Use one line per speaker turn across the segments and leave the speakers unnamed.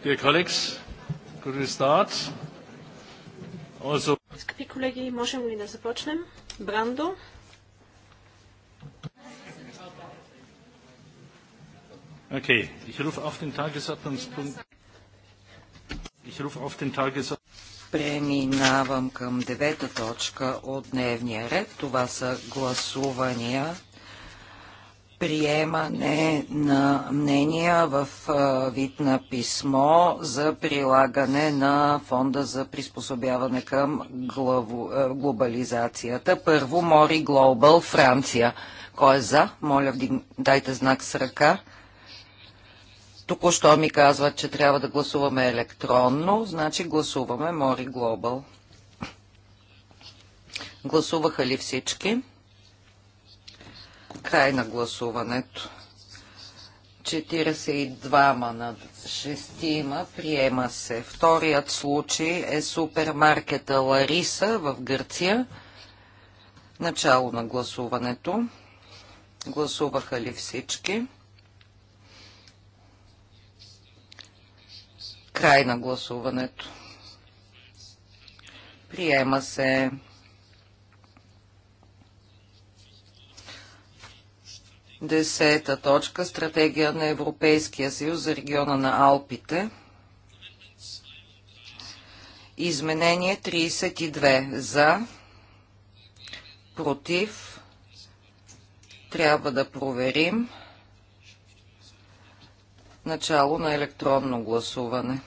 Dear colleagues, could we start? Also...
Скъпи колеги, можем ли да започнем? Брандо.
Okay, ich rufe auf den Tagesordnungspunkt. Ich rufe auf den Tagesordnungspunkt. Преминавам към
девета точка от дневния ред. Това са гласувания приемане на мнения в вид на писмо за прилагане на фонда за приспособяване към глобализацията. Първо Мори Глобал, Франция. Кой е за? Моля, дайте знак с ръка. Току-що ми казват, че трябва да гласуваме електронно, значи гласуваме Мори Глобал. Гласуваха ли всички? Край на гласуването. 42 на 6 приема се. Вторият случай е супермаркета Лариса в Гърция. Начало на гласуването. Гласуваха ли всички? Край на гласуването. Приема се. Десета точка – стратегия на Европейския съюз за региона на Алпите. Изменение 32 за, против, трябва да проверим начало на електронно гласуване.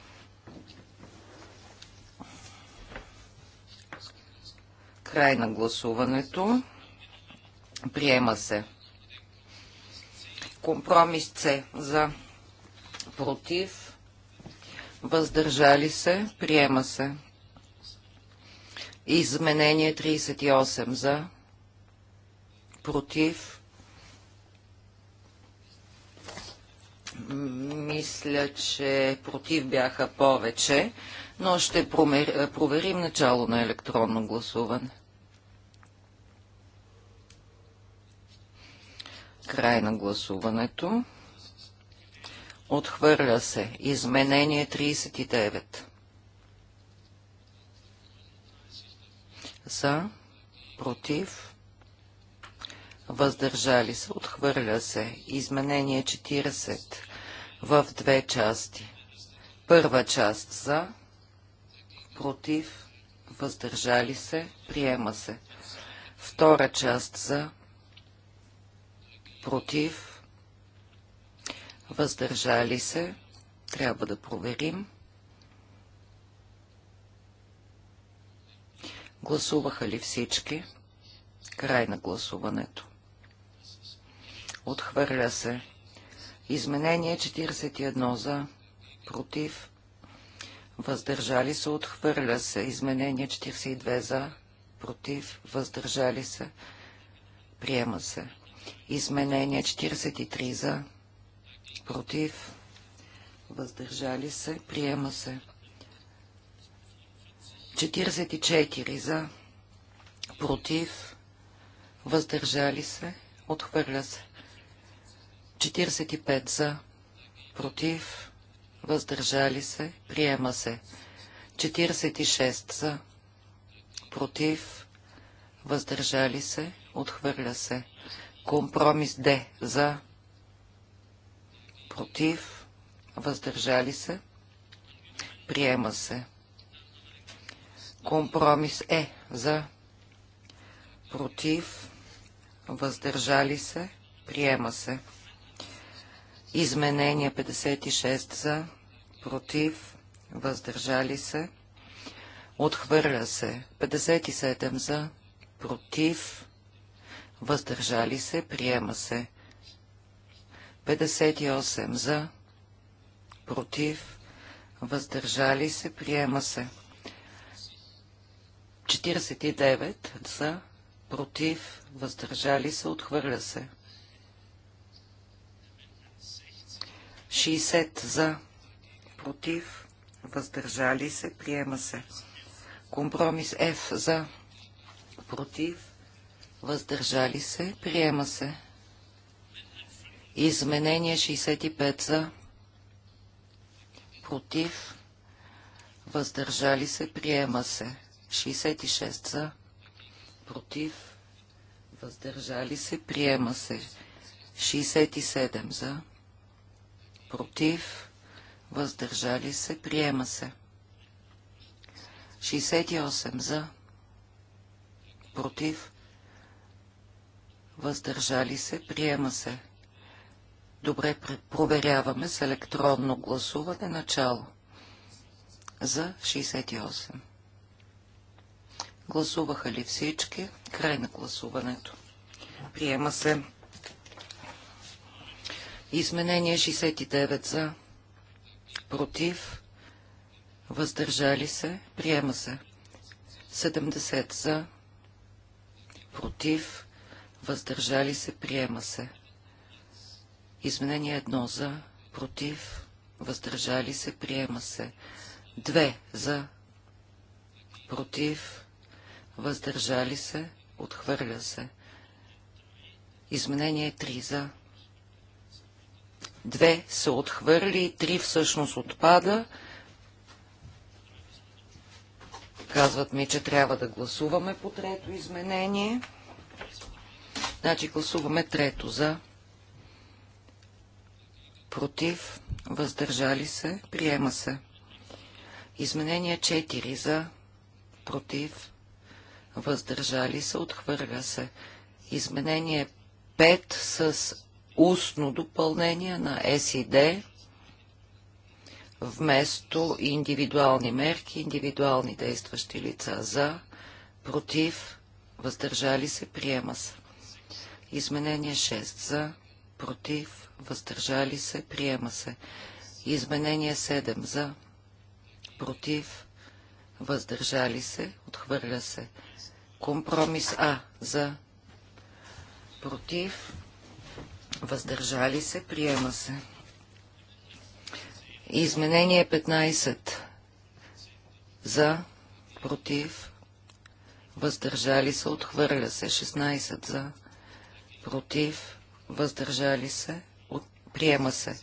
Край на гласуването. Приема се. Компромис С за против, въздържали се, приема се. Изменение 38 за против. Мисля, че против бяха повече, но ще проверим начало на електронно гласуване. Край на гласуването. Отхвърля се. Изменение 39. За, против, въздържали се. Отхвърля се. Изменение 40 в две части. Първа част за, против, въздържали се, приема се. Втора част за, против, въздържали се, трябва да проверим. Гласуваха ли всички? Край на гласуването. Отхвърля се. Изменение 41 за, против, въздържали се, отхвърля се. Изменение 42 за, против, въздържали се, приема се. Изменение 43 за, против, въздържали се, приема се. 44 за, против, въздържали се, отхвърля се. 45 за, против, въздържали се, приема се. 46 за, против, въздържали се, отхвърля се. Компромис Д за против, въздържали се, приема се. Компромис Е за против, въздържали се, приема се. Изменение 56 за против, въздържали се, отхвърля се. 57 за против, въздържали се, приема се. 58 за, против, въздържали се, приема се. 49 за, против, въздържали се, отхвърля се. 60 за, против, въздържали се, приема се. Компромис F за, против, въздържали се, приема се. Изменение 65 за, против, въздържали се, приема се. 66 за, против, въздържали се, приема се. 67 за, против, въздържали се, приема се. 68 за, против, въздържали се, приема се. Добре, проверяваме с електронно гласуване начало за 68. Гласуваха ли всички? Край на гласуването. Приема се. Изменение 69 за. Против. Въздържали се. Приема се. 70 за. Против въздържали се, приема се. Изменение едно за, против, въздържали се, приема се. Две за, против, въздържали се, отхвърля се. Изменение 3 за. Две се отхвърли, три всъщност отпада. Казват ми, че трябва да гласуваме по трето изменение. Значи гласуваме трето за, против, въздържали се, приема се. Изменение 4 за, против, въздържали се, отхвърля се. Изменение 5 с устно допълнение на СИД вместо индивидуални мерки, индивидуални действащи лица за, против, въздържали се, приема се. Изменение 6 за, против, въздържали се, приема се. Изменение 7 за, против, въздържали се, отхвърля се. Компромис А за, против, въздържали се, приема се. Изменение 15 за, против, въздържали се, отхвърля се, 16 за, против, въздържали се, от... приема се.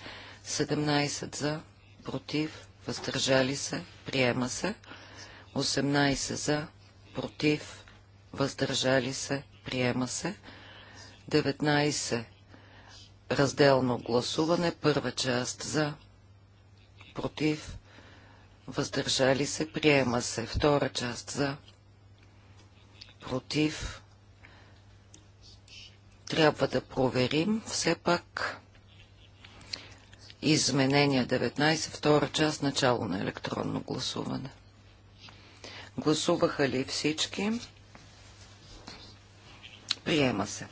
17 за, против, въздържали се, приема се. 18 за, против, въздържали се, приема се. 19 разделно гласуване, първа част за, против, въздържали се, приема се, втора част за, против, трябва да проверим. Все пак изменения 19, втора част, начало на електронно гласуване. Гласуваха ли всички? Приема се.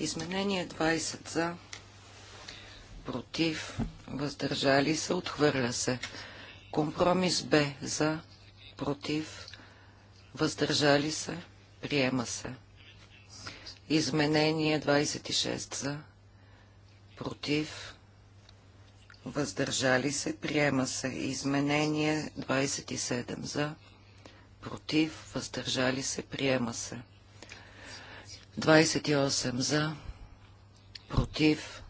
Изменение 20 за против, въздържали се, отхвърля се. Компромис Б за против, въздържали се, приема се. Изменение 26 за, против, въздържали се, приема се. Изменение 27 за, против, въздържали се, приема се. 28 за, против.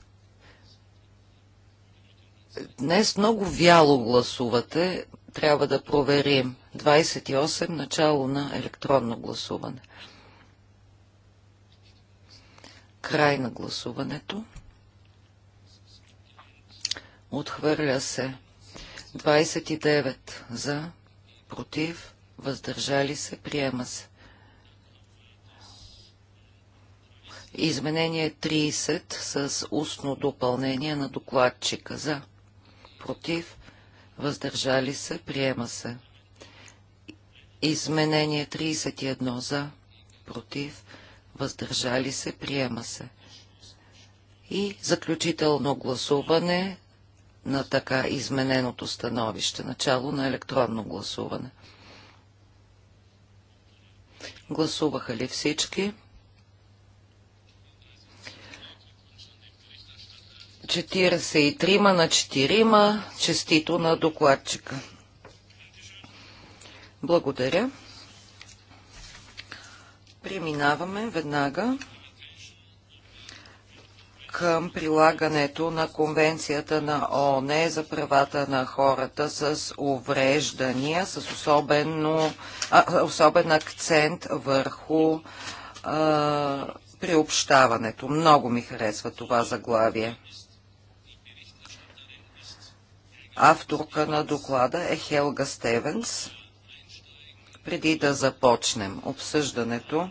Днес много вяло гласувате, трябва да проверим. 28 начало на електронно гласуване. Край на гласуването. Отхвърля се. 29 за, против, въздържали се, приема се. Изменение 30 с устно допълнение на докладчика за, против, въздържали се, приема се. Изменение 31 за, против, въздържали се въздържали се, приема се. И заключително гласуване на така измененото становище, начало на електронно гласуване. Гласуваха ли всички? 43 на 4, честито на докладчика. Благодаря. Преминаваме веднага към прилагането на Конвенцията на ООН за правата на хората с увреждания, с особено, а, особен акцент върху а, приобщаването. Много ми харесва това заглавие. Авторка на доклада е Хелга Стевенс. Преди да започнем обсъждането,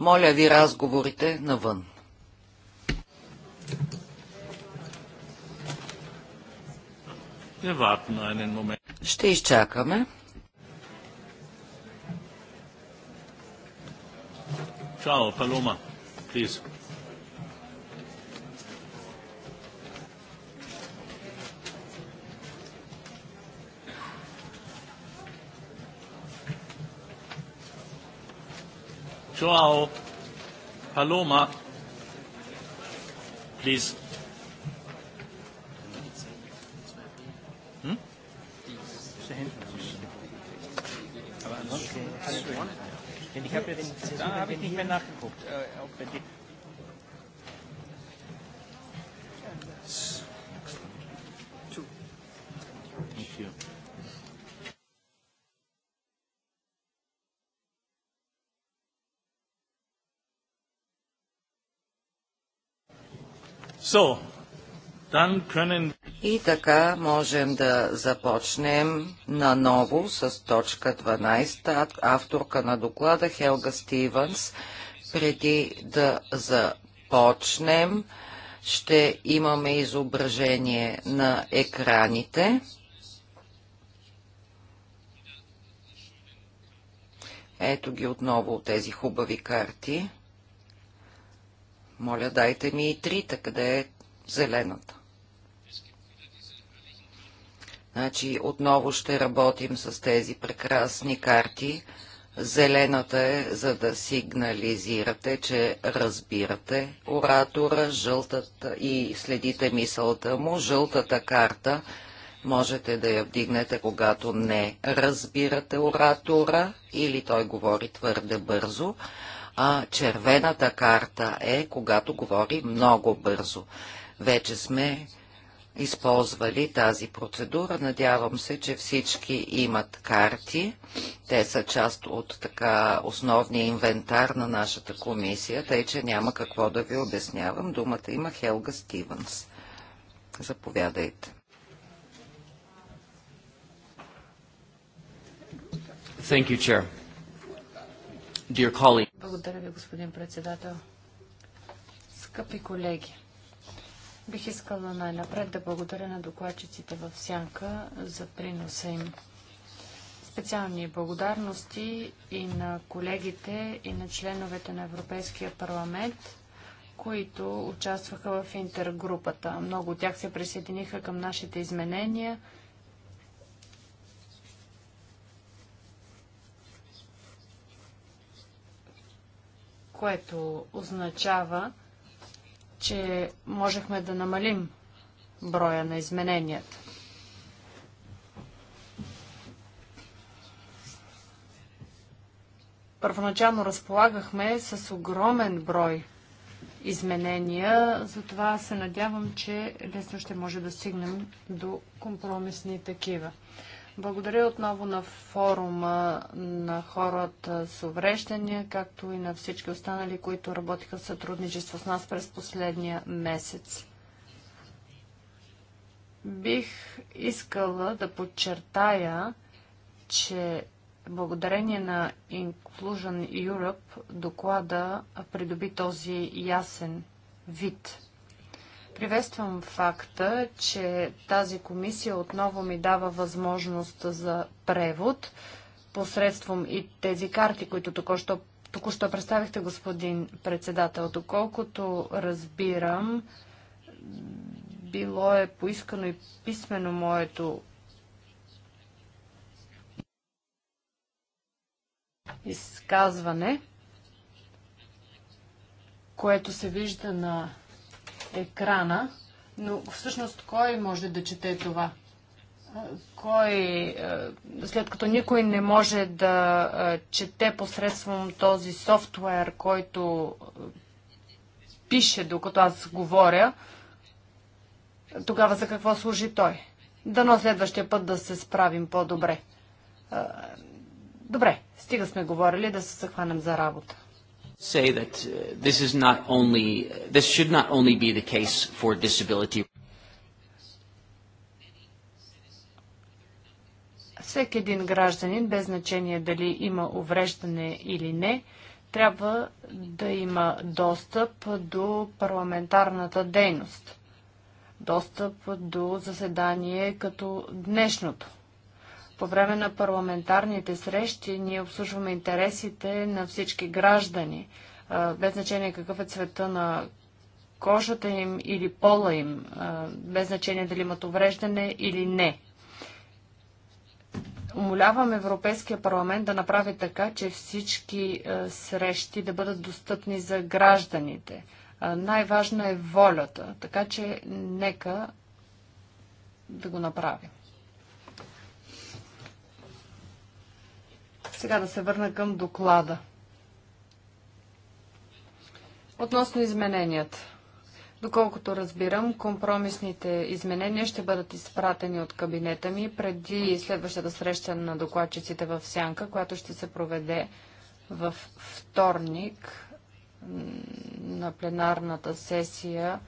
моля ви разговорите навън. Ще изчакаме.
Чао, Палома, please. João Paloma, please.
Hm? Ich habe jetzt, da habe ich nicht mehr nachgeguckt, ob bei
So, können...
И така можем да започнем наново с точка 12, авторка на доклада Хелга Стивенс. Преди да започнем, ще имаме изображение на екраните. Ето ги отново тези хубави карти. Моля, дайте ми и трите, къде е зелената. Значи отново ще работим с тези прекрасни карти. Зелената е, за да сигнализирате, че разбирате оратора жълтата и следите мисълта му. Жълтата карта можете да я вдигнете, когато не разбирате оратора или той говори твърде бързо а червената карта е, когато говори много бързо. Вече сме използвали тази процедура. Надявам се, че всички имат карти. Те са част от така основния инвентар на нашата комисия, тъй че няма какво да ви обяснявам. Думата има Хелга Стивенс. Заповядайте.
Thank you, Chair. Благодаря ви, господин председател. Скъпи колеги, бих искала най-напред да благодаря на докладчиците в Сянка за приноса им. Специални благодарности и на колегите, и на членовете на Европейския парламент, които участваха в интергрупата. Много от тях се присъединиха към нашите изменения – което означава, че можехме да намалим броя на измененията. Първоначално разполагахме с огромен брой изменения, затова се надявам, че лесно ще може да стигнем до компромисни такива. Благодаря отново на форума на хората с увреждания, както и на всички останали, които работиха в сътрудничество с нас през последния месец. Бих искала да подчертая, че благодарение на Inclusion Europe доклада придоби този ясен вид. Приветствам факта, че тази комисия отново ми дава възможност за превод посредством и тези карти, които току-що, току-що представихте, господин председател. Доколкото разбирам, било е поискано и писмено моето изказване, което се вижда на екрана, но всъщност кой може да чете това? Кой, след като никой не може да чете посредством този софтуер, който пише докато аз говоря, тогава за какво служи той? Дано следващия път да се справим по-добре. Добре, стига сме говорили да се захванем за работа
say that uh, this is
not only this should not only be the case for disability. Всеки един гражданин, без значение дали има увреждане или не, трябва да има достъп до парламентарната дейност, достъп до заседание като днешното. По време на парламентарните срещи ние обслужваме интересите на всички граждани, без значение какъв е цвета на кожата им или пола им, без значение дали имат увреждане или не. Умолявам Европейския парламент да направи така, че всички срещи да бъдат достъпни за гражданите. Най-важна е волята, така че нека да го направим. Сега да се върна към доклада. Относно измененията. Доколкото разбирам, компромисните изменения ще бъдат изпратени от кабинета ми преди следващата среща на докладчиците в Сянка, която ще се проведе в вторник на пленарната сесия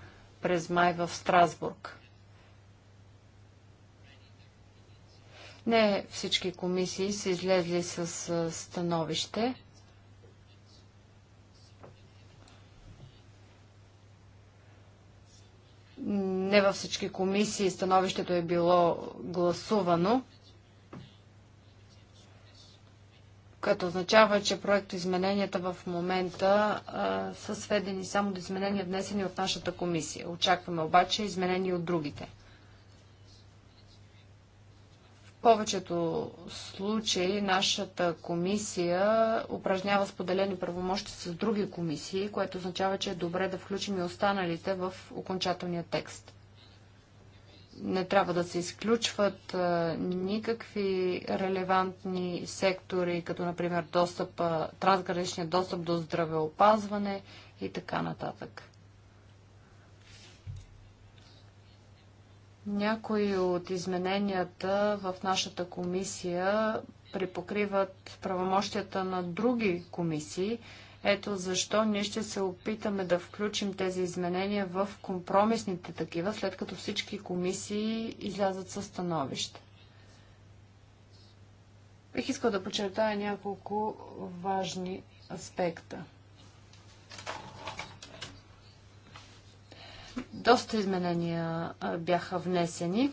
през май в Страсбург. Не всички комисии са излезли с становище. Не във всички комисии становището е било гласувано, Като означава, че проекто измененията в момента а, са сведени само до изменения внесени от нашата комисия. Очакваме обаче изменения от другите повечето случаи нашата комисия упражнява споделени правомощи с други комисии, което означава, че е добре да включим и останалите в окончателния текст. Не трябва да се изключват никакви релевантни сектори, като например достъп, трансграничния достъп до здравеопазване и така нататък. Някои от измененията в нашата комисия припокриват правомощията на други комисии. Ето защо ние ще се опитаме да включим тези изменения в компромисните такива, след като всички комисии излязат със становище. Бих искал да подчертая няколко важни аспекта. Доста изменения бяха внесени,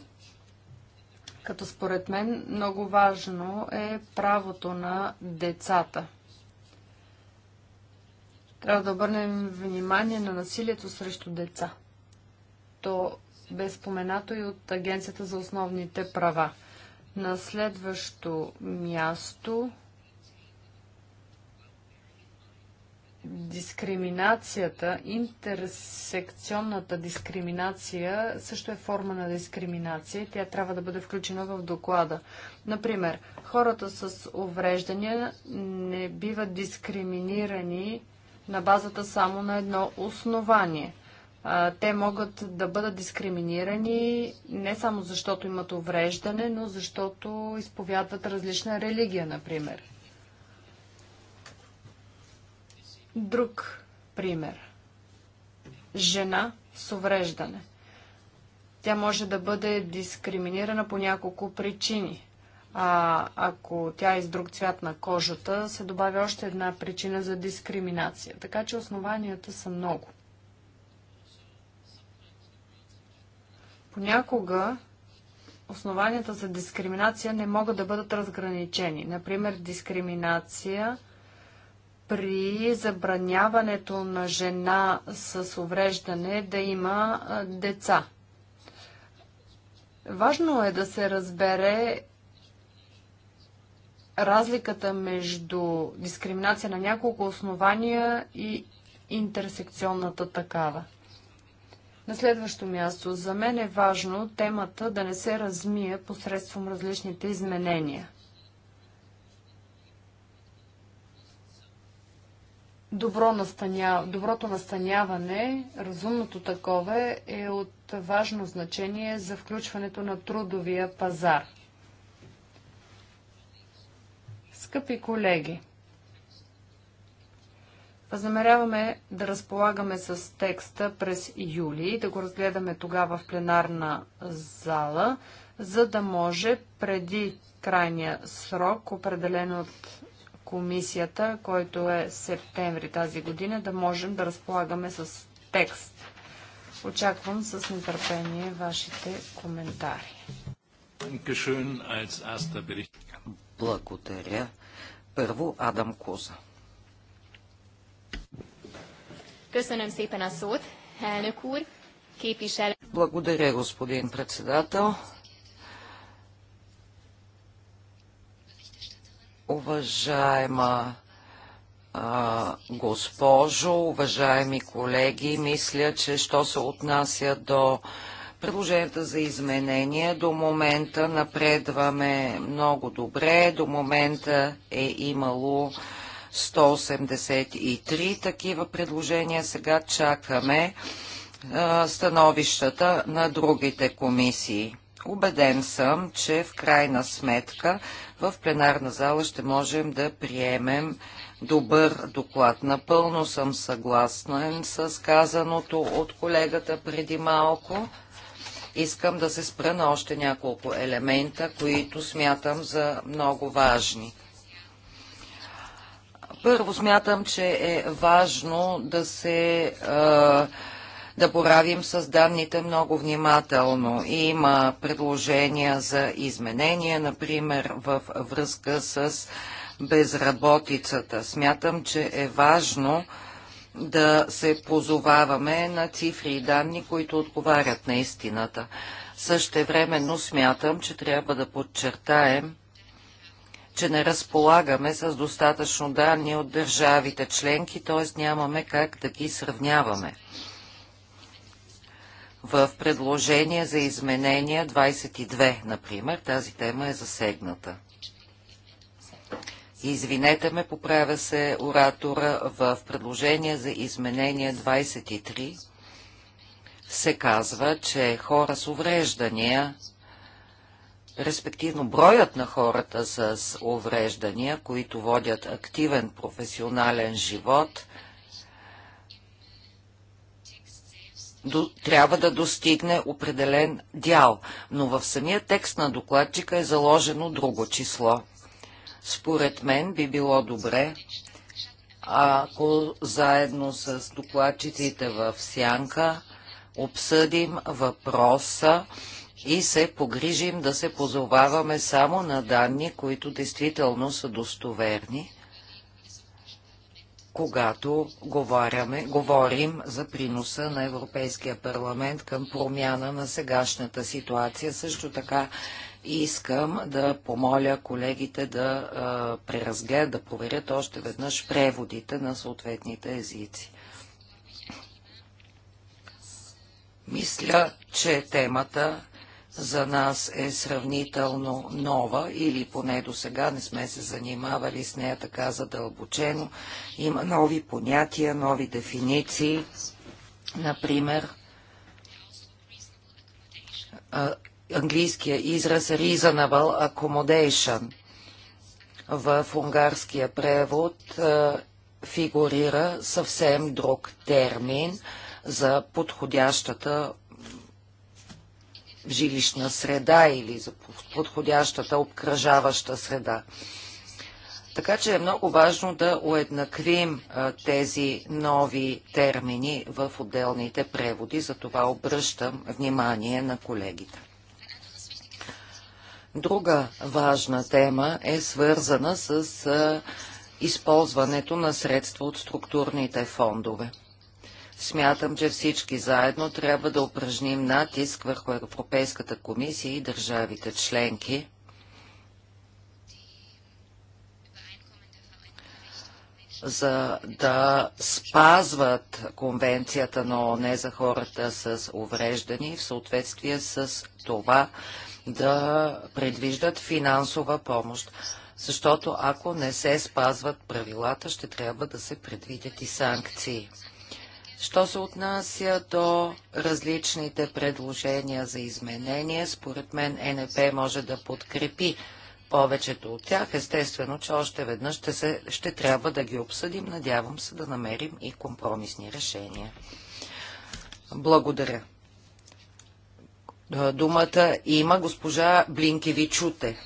като според мен много важно е правото на децата.
Трябва да обърнем
внимание на насилието срещу деца. То бе споменато и от Агенцията за основните права. На следващо място дискриминацията, интерсекционната дискриминация също е форма на дискриминация и тя трябва да бъде включена в доклада. Например, хората с увреждания не биват дискриминирани на базата само на едно основание. Те могат да бъдат дискриминирани не само защото имат увреждане, но защото изповядват различна религия, например. Друг пример. Жена с увреждане. Тя може да бъде дискриминирана по няколко причини. А ако тя е с друг цвят на кожата, се добавя още една причина за дискриминация. Така че основанията са много. Понякога основанията за дискриминация не могат да бъдат разграничени. Например, дискриминация при забраняването на жена с увреждане да има деца. Важно е да се разбере разликата между дискриминация на няколко основания и интерсекционната такава. На следващо място, за мен е важно темата да не се размие посредством различните изменения – добро настаня... доброто настаняване, разумното такова, е от важно значение за включването на трудовия пазар. Скъпи колеги, възнамеряваме да разполагаме с текста през юли, да го разгледаме тогава в пленарна зала, за да може преди крайния срок, определен от комисията, който е септември тази година, да можем да разполагаме с текст. Очаквам с нетърпение вашите коментари.
Благодаря. Първо Адам Коза.
Благодаря, господин председател. Уважаема госпожо, уважаеми колеги, мисля, че що се отнася до предложенията за изменение, до момента напредваме много добре. До момента е имало 183 такива предложения. Сега чакаме а, становищата на другите комисии. Убеден съм, че в крайна сметка в пленарна зала ще можем да приемем добър доклад. Напълно съм съгласен с казаното от колегата преди малко. Искам да се спра на още няколко елемента, които смятам за много важни. Първо смятам, че е важно да се а, да боравим с данните много внимателно. Има предложения за изменения, например в връзка с безработицата. Смятам, че е важно да се позоваваме на цифри и данни, които отговарят на истината. Същевременно смятам, че трябва да подчертаем, че не разполагаме с достатъчно данни от държавите членки, т.е. нямаме как да ги сравняваме. В предложение за изменения 22, например, тази тема е засегната. Извинете ме, поправя се оратора в предложение за изменение 23 се казва, че хора с увреждания, респективно броят на хората с увреждания, които водят активен професионален живот – до, трябва да достигне определен дял, но в самия текст на докладчика е заложено друго число. Според мен би било добре, ако заедно с докладчиците в Сянка обсъдим въпроса и се погрижим да се позоваваме само на данни, които действително са достоверни когато говоряме, говорим за приноса на Европейския парламент към промяна на сегашната ситуация. Също така искам да помоля колегите да а, преразгледат, да проверят още веднъж преводите на съответните езици. Мисля, че темата за нас е сравнително нова или поне до сега не сме се занимавали с нея така задълбочено. Има нови понятия, нови дефиниции. Например, английския израз reasonable accommodation. В унгарския превод фигурира съвсем друг термин за подходящата жилищна среда или за подходящата обкръжаваща среда. Така че е много важно да уеднаквим а, тези нови термини в отделните преводи, за това обръщам внимание на колегите. Друга важна тема е свързана с а, използването на средства от структурните фондове. Смятам, че всички заедно трябва да упражним натиск върху Европейската комисия и държавите членки. за да спазват конвенцията на ООН за хората с увреждани в съответствие с това да предвиждат финансова помощ. Защото ако не се спазват правилата, ще трябва да се предвидят и санкции. Що се отнася до различните предложения за изменения, според мен НП може да подкрепи повечето от тях. Естествено, че още веднъж ще, се, ще трябва да ги обсъдим. Надявам се да намерим и компромисни решения. Благодаря. Думата има госпожа Блинкеви Чуте.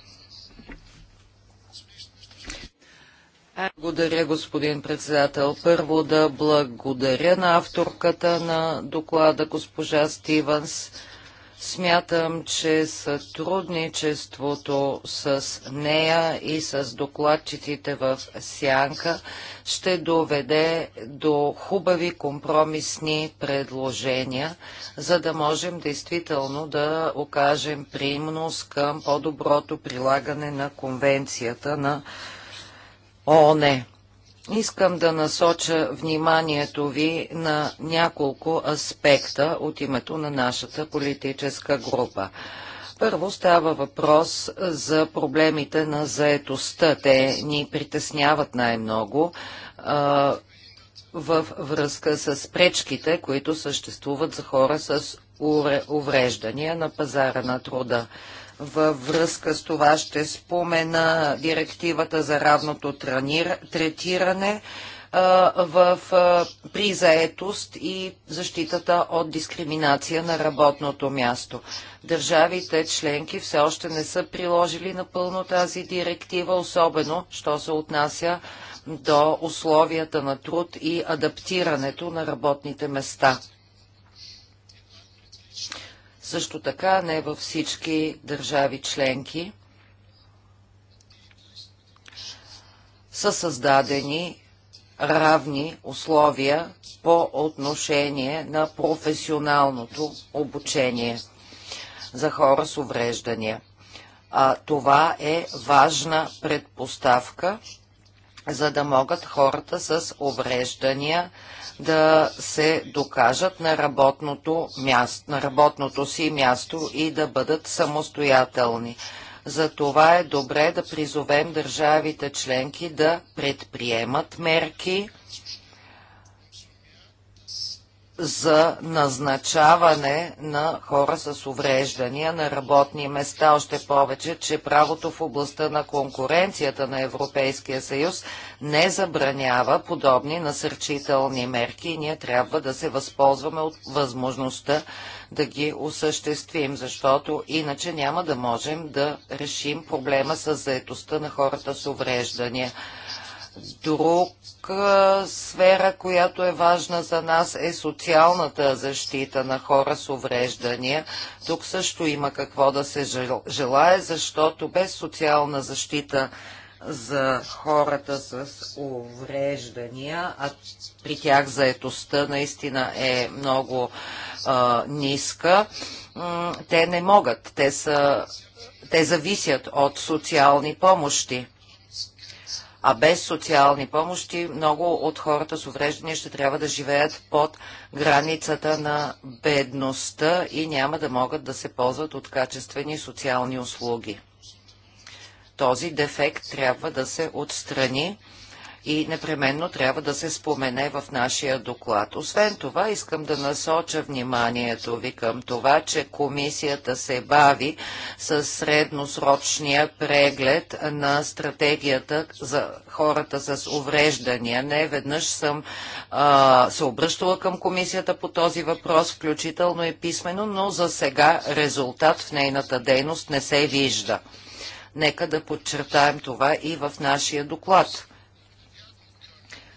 Благодаря, господин председател. Първо да благодаря на авторката на доклада, госпожа Стивенс. Смятам, че сътрудничеството с нея и с докладчиците в Сянка ще доведе до хубави компромисни предложения, за да можем действително да окажем приимност към по-доброто прилагане на конвенцията на не! Искам да насоча вниманието ви на няколко аспекта от името на нашата политическа група. Първо става въпрос за проблемите на заетостта. Те ни притесняват най-много във връзка с пречките, които съществуват за хора с увреждания на пазара на труда. Във връзка с това ще спомена директивата за равното третиране в, призаетост и защитата от дискриминация на работното място. Държавите членки все още не са приложили напълно тази директива, особено що се отнася до условията на труд и адаптирането на работните места. Също така не във всички държави членки са създадени равни условия по отношение на професионалното обучение за хора с увреждания. А, това е важна предпоставка, за да могат хората с увреждания да се докажат на работното, място, на работното си място и да бъдат самостоятелни. Затова е добре да призовем държавите членки да предприемат мерки, за назначаване на хора с увреждания на работни места, още повече, че правото в областта на конкуренцията на Европейския съюз не забранява подобни насърчителни мерки и ние трябва да се възползваме от възможността да ги осъществим, защото иначе няма да можем да решим проблема с заетостта на хората с увреждания. Друг сфера, която е важна за нас е социалната защита на хора с увреждания. Тук също има какво да се желае, защото без социална защита за хората с увреждания, а при тях заетостта наистина е много а, ниска, те не могат. Те, са, те зависят от социални помощи. А без социални помощи много от хората с увреждания ще трябва да живеят под границата на бедността и няма да могат да се ползват от качествени социални услуги. Този дефект трябва да се отстрани и непременно трябва да се спомене в нашия доклад. Освен това, искам да насоча вниманието ви към това, че комисията се бави с средносрочния преглед на стратегията за хората с увреждания. Не веднъж съм а, се обръщала към комисията по този въпрос, включително и писменно, но за сега резултат в нейната дейност не се вижда. Нека да подчертаем това и в нашия доклад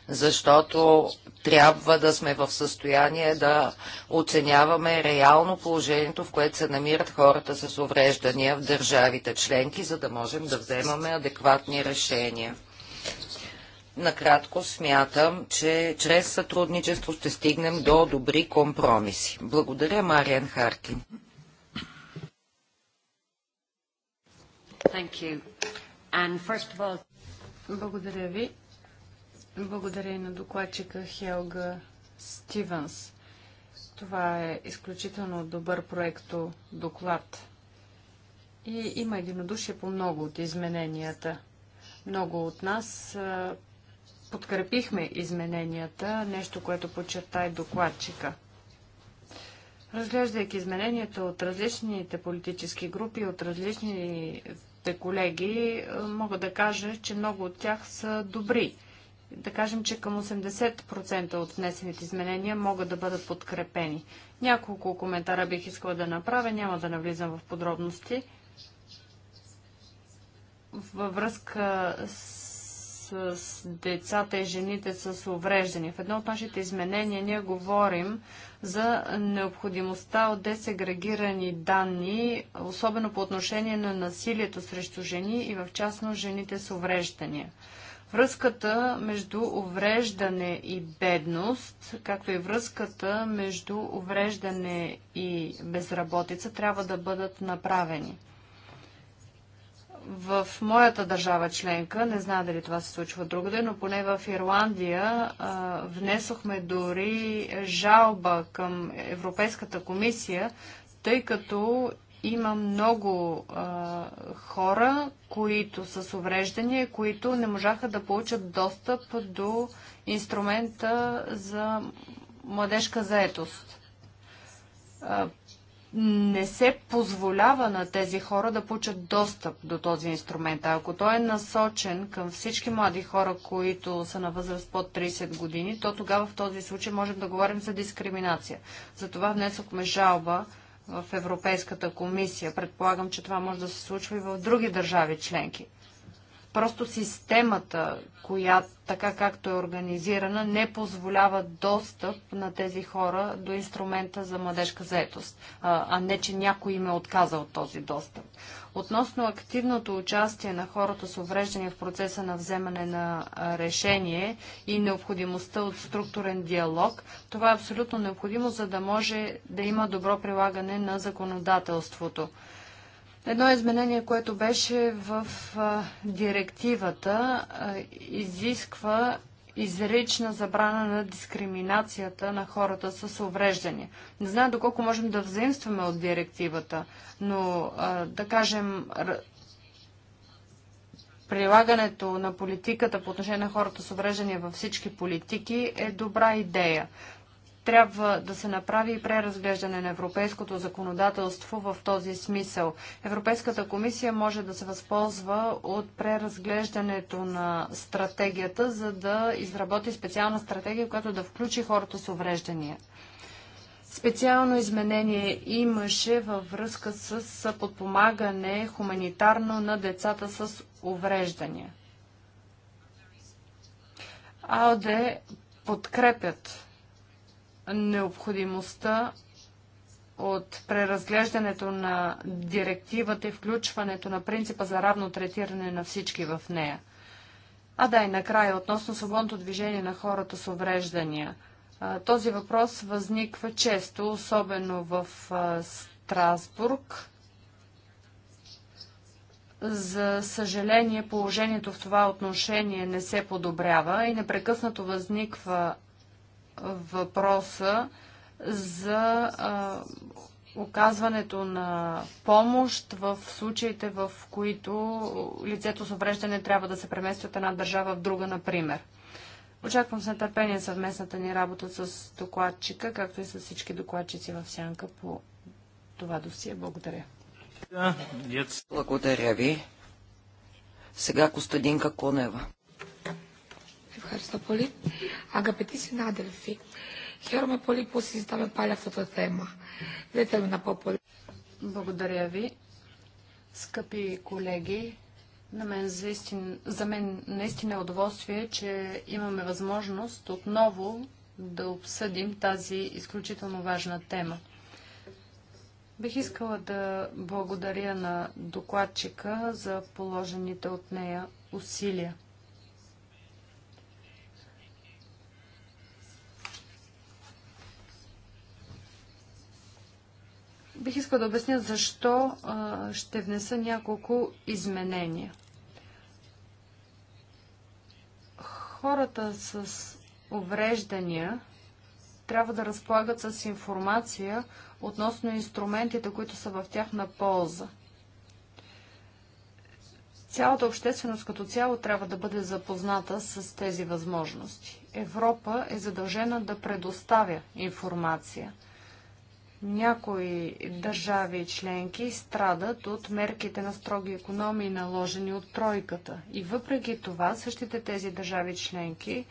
защото трябва да сме в състояние да оценяваме реално положението, в което се намират хората с увреждания в държавите членки, за да можем да вземаме адекватни решения. Накратко смятам, че чрез сътрудничество ще стигнем до добри компромиси. Благодаря, Мариан Харкин.
Благодаря ви. Благодаря и на докладчика Хелга Стивенс. Това е изключително добър проекто доклад. И има единодушие по много от измененията. Много от нас подкрепихме измененията, нещо, което подчерта и докладчика. Разглеждайки измененията от различните политически групи, от различните колеги, мога да кажа, че много от тях са добри да кажем, че към 80% от внесените изменения могат да бъдат подкрепени. Няколко коментара бих искала да направя, няма да навлизам в подробности. Във връзка с, с децата и жените с увреждани. В едно от нашите изменения ние говорим за необходимостта от десегрегирани данни, особено по отношение на насилието срещу жени и в частност жените с увреждания. Връзката между увреждане и бедност, както и връзката между увреждане и безработица, трябва да бъдат направени. В моята държава членка, не знам дали това се случва другаде, но поне в Ирландия внесохме дори жалба към Европейската комисия, тъй като има много а, хора, които са с увреждания, които не можаха да получат достъп до инструмента за младежка заетост. А, не се позволява на тези хора да получат достъп до този инструмент. А ако той е насочен към всички млади хора, които са на възраст под 30 години, то тогава в този случай можем да говорим за дискриминация. Затова внесохме жалба в Европейската комисия. Предполагам, че това може да се случва и в други държави членки. Просто системата, която така както е организирана, не позволява достъп на тези хора до инструмента за младежка заетост, а не, че някой им е отказал този достъп. Относно активното участие на хората с увреждания в процеса на вземане на решение и необходимостта от структурен диалог, това е абсолютно необходимо, за да може да има добро прилагане на законодателството. Едно изменение, което беше в директивата, изисква изрична забрана на дискриминацията на хората с увреждания. Не знам доколко можем да взаимстваме от директивата, но да кажем прилагането на политиката по отношение на хората с увреждания във всички политики е добра идея трябва да се направи и преразглеждане на европейското законодателство в този смисъл. Европейската комисия може да се възползва от преразглеждането на стратегията, за да изработи специална стратегия, която да включи хората с увреждания. Специално изменение имаше във връзка с подпомагане хуманитарно на децата с увреждания. АОД подкрепят необходимостта от преразглеждането на директивата и включването на принципа за равно третиране на всички в нея. А да, и накрая, относно свободното движение на хората с увреждания. Този въпрос възниква често, особено в Страсбург. За съжаление, положението в това отношение не се подобрява и непрекъснато възниква въпроса за а, оказването на помощ в случаите, в които лицето с увреждане трябва да се премести от една държава в друга, например. Очаквам с нетърпение съвместната ни работа с докладчика, както и с всички докладчици в Сянка по това досие. Благодаря.
Благодаря ви. Сега Костадинка Конева.
Ευχαριστώ πολύ. Αγαπητοί συνάδελφοι, χαίρομαι πολύ που συζητάμε πάλι αυτό το θέμα. Δεν θέλω να πω πολύ. Благодаря ви. Скъпи колеги, на мен за, истин... за мен наистина е удоволствие, че имаме възможност отново да обсъдим тази изключително важна тема. Бих искала да благодаря на докладчика за положените от нея усилия. Бих искал да обясня защо а, ще внеса няколко изменения. Хората с увреждания трябва да разполагат с информация относно инструментите, които са в тяхна полза. Цялата общественост като цяло трябва да бъде запозната с тези възможности. Европа е задължена да предоставя информация – някои държави и членки страдат от мерките на строги економии, наложени от тройката. И въпреки това, същите тези държави членки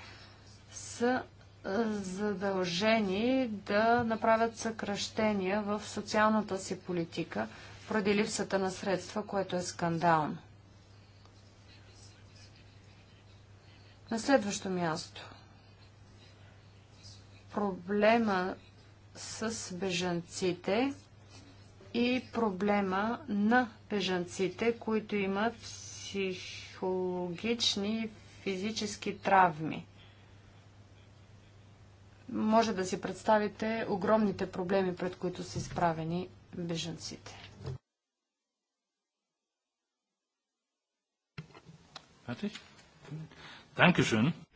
са е, задължени да направят съкръщения в социалната си политика поради липсата на средства, което е скандално. На следващо място. Проблема с бежанците и проблема на бежанците, които имат психологични и физически травми. Може да си представите огромните проблеми, пред които са изправени бежанците.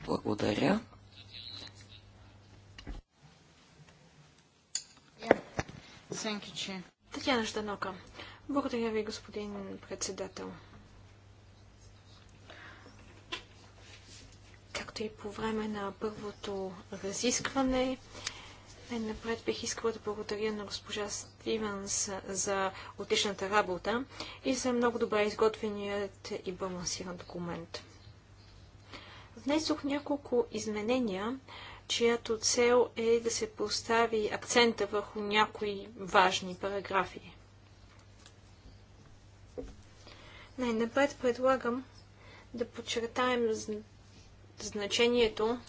Благодаря.
Татьяна Жданока. Благодаря ви, господин председател. Както и по време на първото разискване, най-напред бих искала да благодаря на госпожа Стивенс за отличната работа и за много добре изготвеният и балансиран документ. Внесох няколко изменения, чиято цел е да се постави акцента върху някои важни параграфи. Най-напред предлагам да подчертаем значението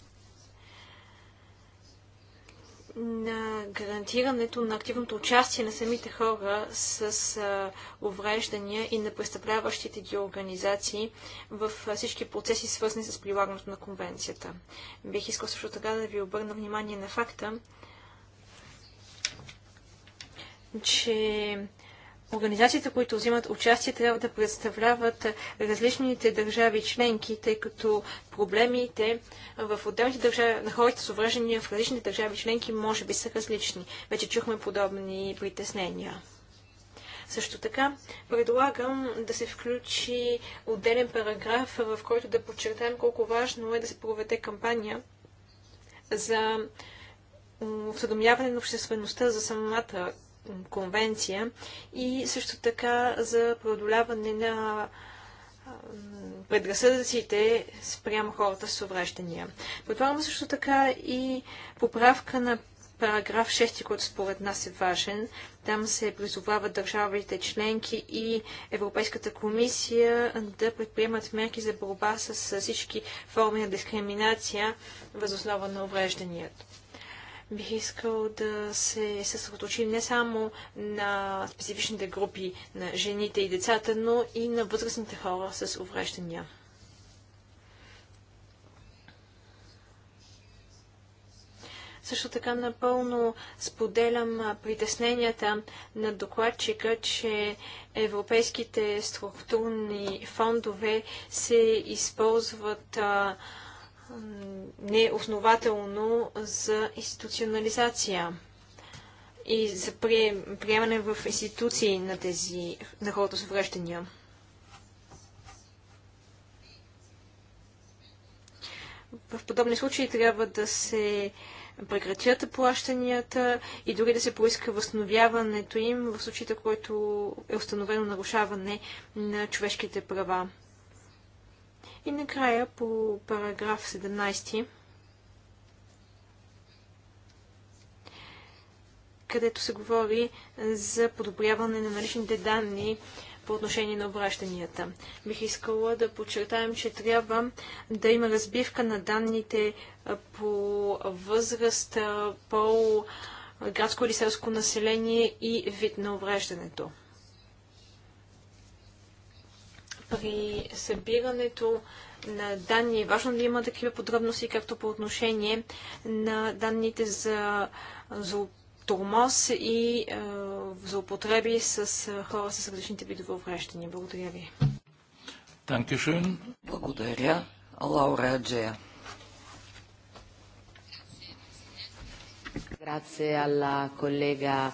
на гарантирането на активното участие на самите хора с а, увреждания и на представляващите ги организации в всички процеси, свързани с прилагането на конвенцията. Бих искал също така да ви обърна внимание на факта, че Организациите, които взимат участие, трябва да представляват различните държави членки, тъй като проблемите в отделните държави, на хората с увреждания в различните държави членки може би са различни. Вече чухме подобни притеснения. Също така предлагам да се включи отделен параграф, в който да подчертаем колко важно е да се проведе кампания за осъдомяване на обществеността за самата конвенция и също така за преодоляване на предразсъдъците спрямо хората с увреждания. Предлагам също така и поправка на параграф 6, който според нас е важен. Там се призовават държавите членки и Европейската комисия да предприемат мерки за борба с всички форми на дискриминация възоснова на уврежданията бих искал да се съсредоточим не само на специфичните групи на жените и децата, но и на възрастните хора с увреждания. Също така напълно споделям притесненията на докладчика, че европейските структурни фондове се използват а, Неоснователно за институционализация и за приемане в институции на тези, на хората с увреждания. В подобни случаи трябва да се прекратят плащанията и дори да се поиска възстановяването им в случаите, в който е установено нарушаване на човешките права. И накрая по параграф 17, където се говори за подобряване на наличните данни по отношение на обращанията. Бих искала да подчертаем, че трябва да има разбивка на данните по възраст, по градско или селско население и вид на увреждането при събирането на данни. е Важно да има такива подробности, както по отношение на данните за, за тормоз и е, злоупотреби с е, хора с различните видове увреждания. Благодаря ви.
Благодаря. Лаура Джея. Grazie alla collega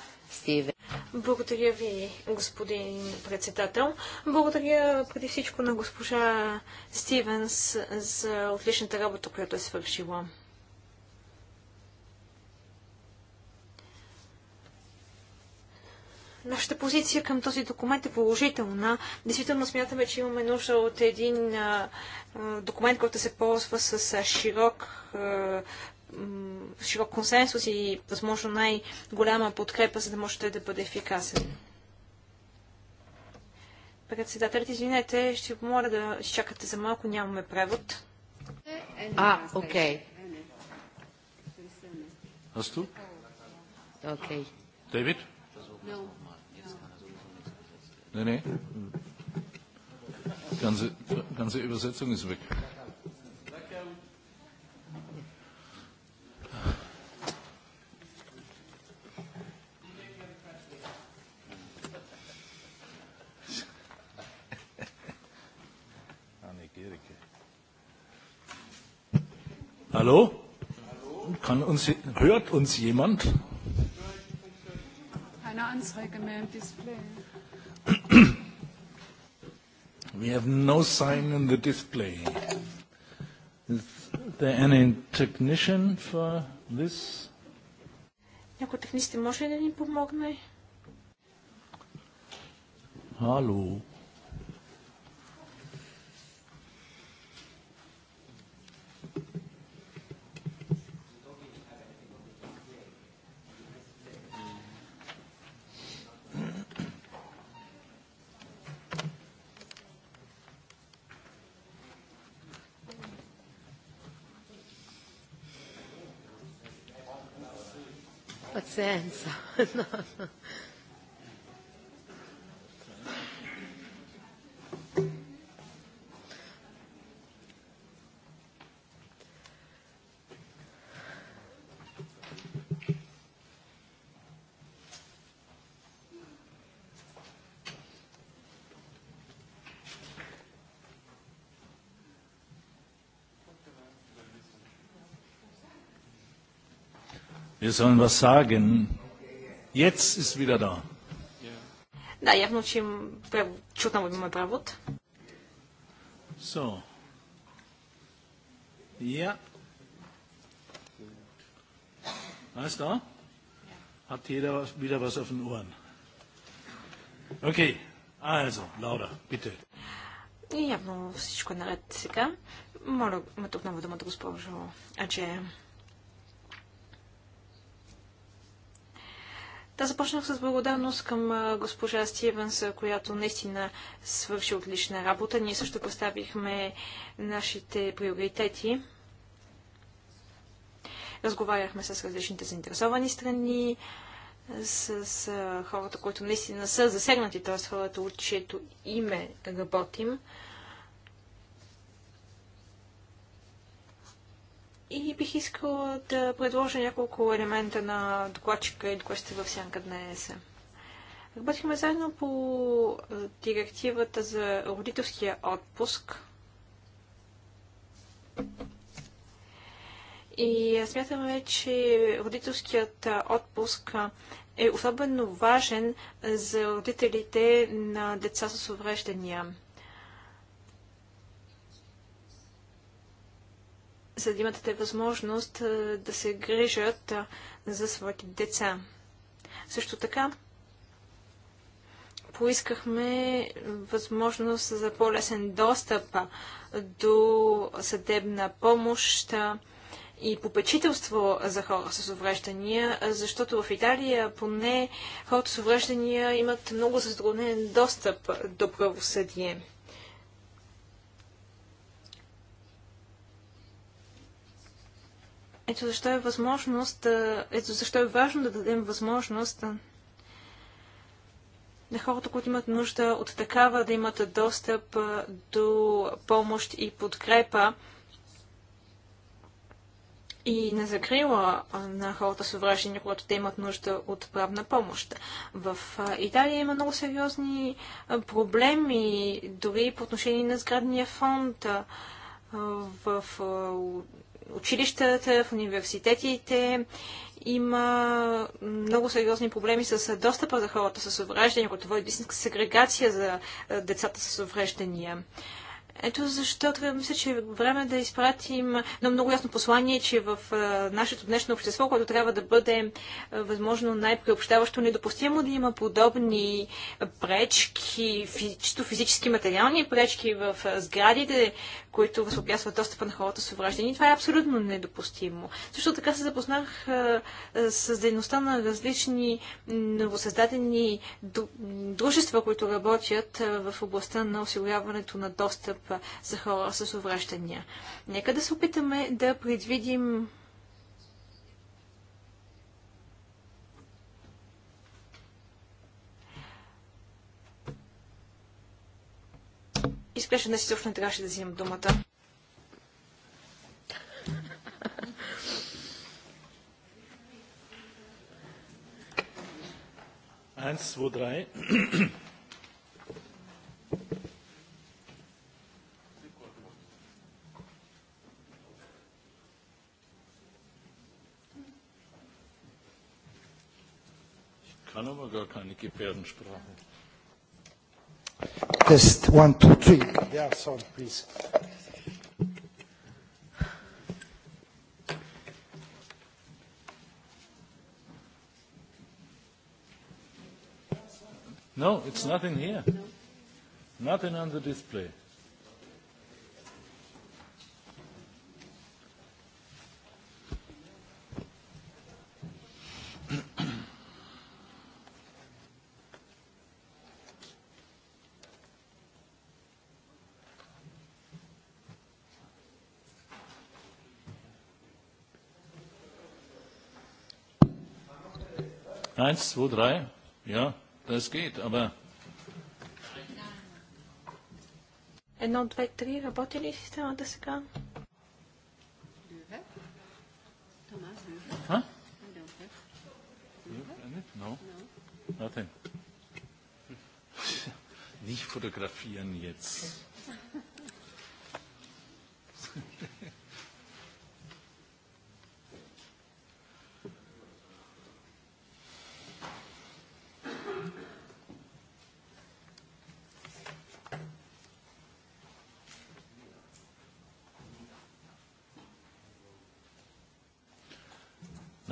благодаря ви, господин председател. Благодаря преди всичко на госпожа Стивенс за отличната работа, която е свършила. Нашата позиция към този документ е положителна. Действително смятаме, че имаме нужда от един документ, който се ползва с широк широк консенсус и възможно най-голяма подкрепа, за да може да бъде ефикасен. Председателят, извинете, ще помоля да чакате за малко, нямаме превод. А, окей.
Аз тук? Окей. Дейвид? Не, не. Ganze, ганзе, Übersetzung ist weg. Hallo? Kann uns, hört uns jemand?
Keine Anzeige mehr im Display.
We have no sign in the display. Is there any technician for this?
Някой технисти може ли да ни помогне?
Hallo.
senso. No, no.
Wir sollen was sagen. Jetzt ist wieder da.
Да, явно, че им чут на има превод.
So. Ja. Alles da? Hat jeder wieder was auf den Ohren? Okay, also, Laura, bitte.
Явно всичко е наред сега. Моля, имате отново думата, госпожо Аджея. Да, започнах с благодарност към госпожа Стивенс, която наистина свърши отлична работа. Ние също поставихме нашите приоритети. Разговаряхме с различните заинтересовани страни, с, с хората, които наистина са засегнати, т.е. хората, от чието име работим. И бих искала да предложа няколко елемента на докладчика и докладчите в сянка днес. Работихме заедно по директивата за родителския отпуск. И смятаме, че родителският отпуск е особено важен за родителите на деца с увреждания. за да имат възможност да се грижат за своите деца. Също така, поискахме възможност за по-лесен достъп до съдебна помощ и попечителство за хора с увреждания, защото в Италия поне хората с увреждания имат много затруднен достъп до правосъдие. Ето защо е възможност, ето защо е важно да дадем възможност на хората, които имат нужда от такава, да имат достъп до помощ и подкрепа и на закрила на хората с увреждания, когато те имат нужда от правна помощ. В Италия има много сериозни проблеми, дори по отношение на сградния фонд в училищата, в университетите има много сериозни проблеми с достъпа за хората с увреждания, което води до сегрегация за децата с увреждания. Ето защо трябва мисля, че е време да изпратим едно много ясно послание, че в нашето днешно общество, което трябва да бъде възможно най-приобщаващо, недопустимо да има подобни пречки, чисто физически материални пречки в сградите, които възпрепятстват достъпа на хората с увреждания. Това е абсолютно недопустимо. Също така се запознах с дейността на различни новосъздадени дружества, които работят в областта на осигуряването на достъп достъп за хора с увръщания. Нека да се опитаме да предвидим Изглежда да си не трябваше да взимам думата.
Eins, zwei, drei. gar keine Gebärdensprache. Test one, two, three. Yeah, sorry, please. No, it's nothing here. Nothing on the display. Eins, zwei, drei. Ja, das geht, aber.
Und noch zwei, drei, Roboter nicht, das kann.
Löwe? Thomas Löwe? Hä?
Nicht fotografieren jetzt.